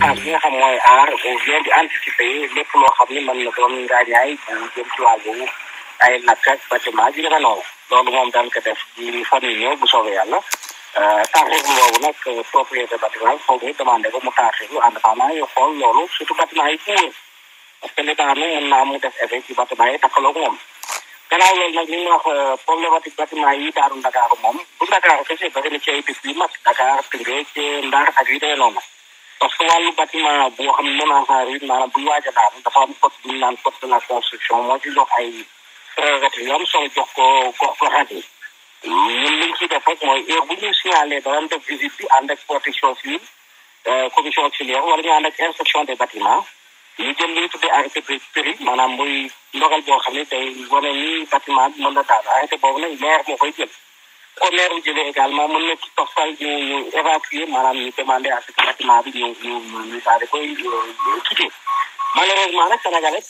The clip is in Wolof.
défense bi nga xam mooy aar bu di anticiper lépp loo xam ni mën na doon ngaañaay bu jëm ci wàllu ay lakk ak bâtiment bi demee noonu loolu moom daan ko def ci fan yi ñëw bu soobee yàlla euh, tarxir boobu nag propriété bâtiment bi foog ñu demandé ko mu tarxir en attendant yu xool loolu surtout bâtiment yi ci wër parce que li daanu mën naa mu def effet ci bâtiment yi takkaloo moom gannaaw loolu nag li ñuy wax euh, problématique yi daaru Ndakaaru moom du Ndakaaru kese bëri na ci ay dëkk yu mag Dakar parce que wàllu bâtiment bo xam ne menaçant yi maanaam bu ñu waaj dafa am code bu nane naan de la construction mo ci jox ay prérogative yu am solo jox ko ko goxaat yi ñun liñ ciy def rek moy heure bu ñu signaler da danañ def visite bi and ak protection civile euh commission auxiliaire wala ñu and ak inspection des bâtiments ñu jël li ñu tuddee arrêté péri maanaam muy ndogal boo xam ne day wane ni bâtiment bi mën na daanu arrêté boobu nag maire mo koy jël commaire bu jëlee également mën na ci toxal ñu ñu évacuer maanaam ñu demander à ce que la bâtiment bi ñu ñu ñu daal di koy quitter malheureusement nag sénégalais